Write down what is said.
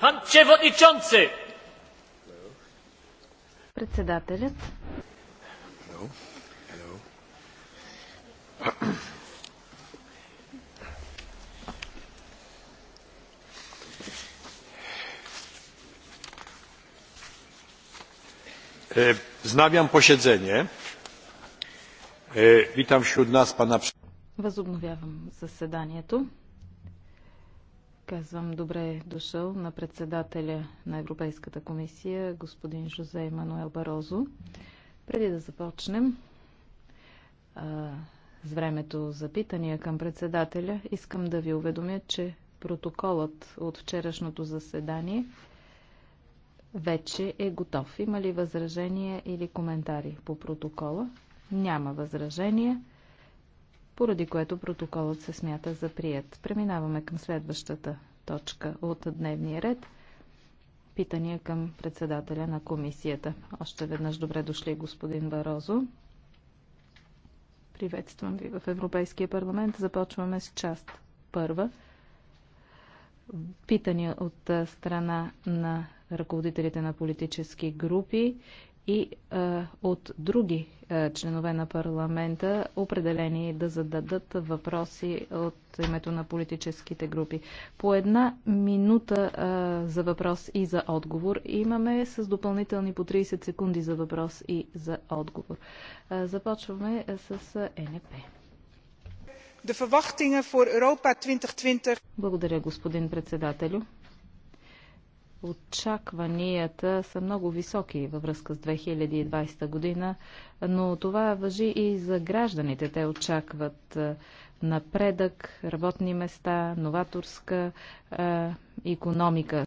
Pan przewodniczący! Председателят. Hello. Hello. Wznawiam posiedzenie. Witam wśród nas pana. Възобновявам заседанието. Казвам добре дошъл на председателя на Европейската комисия, господин Жозе Мануел Барозо. Преди да започнем а, с времето за питания към председателя, искам да ви уведомя, че протоколът от вчерашното заседание вече е готов. Има ли възражения или коментари по протокола? Няма възражения поради което протоколът се смята за прият. Преминаваме към следващата точка от дневния ред. Питания към председателя на комисията. Още веднъж добре дошли, господин Барозо. Приветствам ви в Европейския парламент. Започваме с част първа. Питания от страна на ръководителите на политически групи и а, е, от други а, е, членове на парламента, определени да зададат въпроси от името на политическите групи. По една минута а, е, за въпрос и за отговор имаме с допълнителни по 30 секунди за въпрос и за отговор. А, започваме с а, НП. Благодаря, господин председателю. Очакванията са много високи във връзка с 2020 година, но това въжи и за гражданите. Те очакват напредък, работни места, новаторска економика.